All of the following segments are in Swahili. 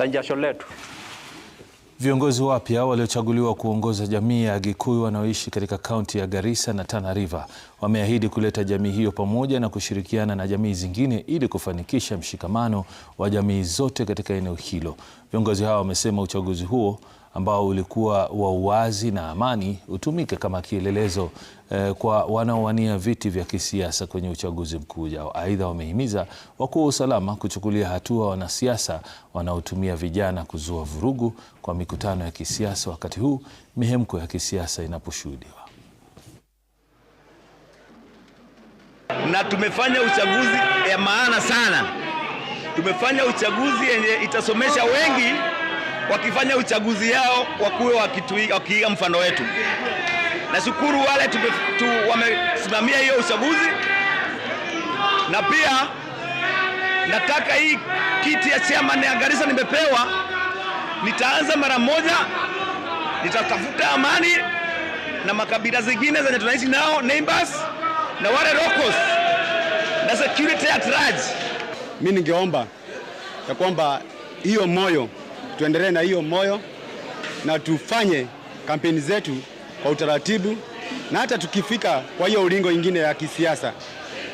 la jasho letu. Viongozi wapya waliochaguliwa kuongoza jamii ya Agikuyu wanaoishi katika kaunti ya Garissa na Tana River wameahidi kuleta jamii hiyo pamoja na kushirikiana na jamii zingine ili kufanikisha mshikamano wa jamii zote katika eneo hilo. Viongozi hao wamesema uchaguzi huo ambao ulikuwa wa uwazi na amani utumike kama kielelezo eh, kwa wanaowania viti vya kisiasa kwenye uchaguzi mkuu ujao. Aidha, wamehimiza wakuu wa usalama kuchukulia hatua wanasiasa wanaotumia vijana kuzua vurugu kwa mikutano ya kisiasa wakati huu mihemko ya kisiasa inaposhuhudiwa. Na tumefanya uchaguzi ya maana sana, tumefanya uchaguzi yenye itasomesha wengi wakifanya uchaguzi yao wakuwe wakiiga mfano wetu. Nashukuru wale tu wamesimamia hiyo uchaguzi, na pia nataka hii kiti ya chairman ya Garissa nimepewa, nitaanza mara moja, nitatafuta amani na makabila zingine zenye tunaishi nao neighbors na wale locals na security at large. Mimi ningeomba ya kwamba hiyo moyo tuendelee na hiyo moyo na tufanye kampeni zetu kwa utaratibu, na hata tukifika kwa hiyo ulingo ingine ya kisiasa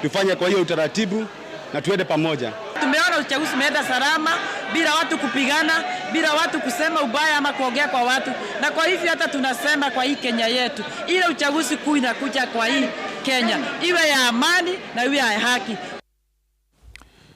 tufanye kwa hiyo utaratibu na tuende pamoja. Tumeona uchaguzi umeenda salama bila watu kupigana, bila watu kusema ubaya ama kuongea kwa watu, na kwa hivyo hata tunasema kwa hii Kenya yetu, ile uchaguzi kuu inakuja kwa hii Kenya iwe ya amani na iwe ya haki.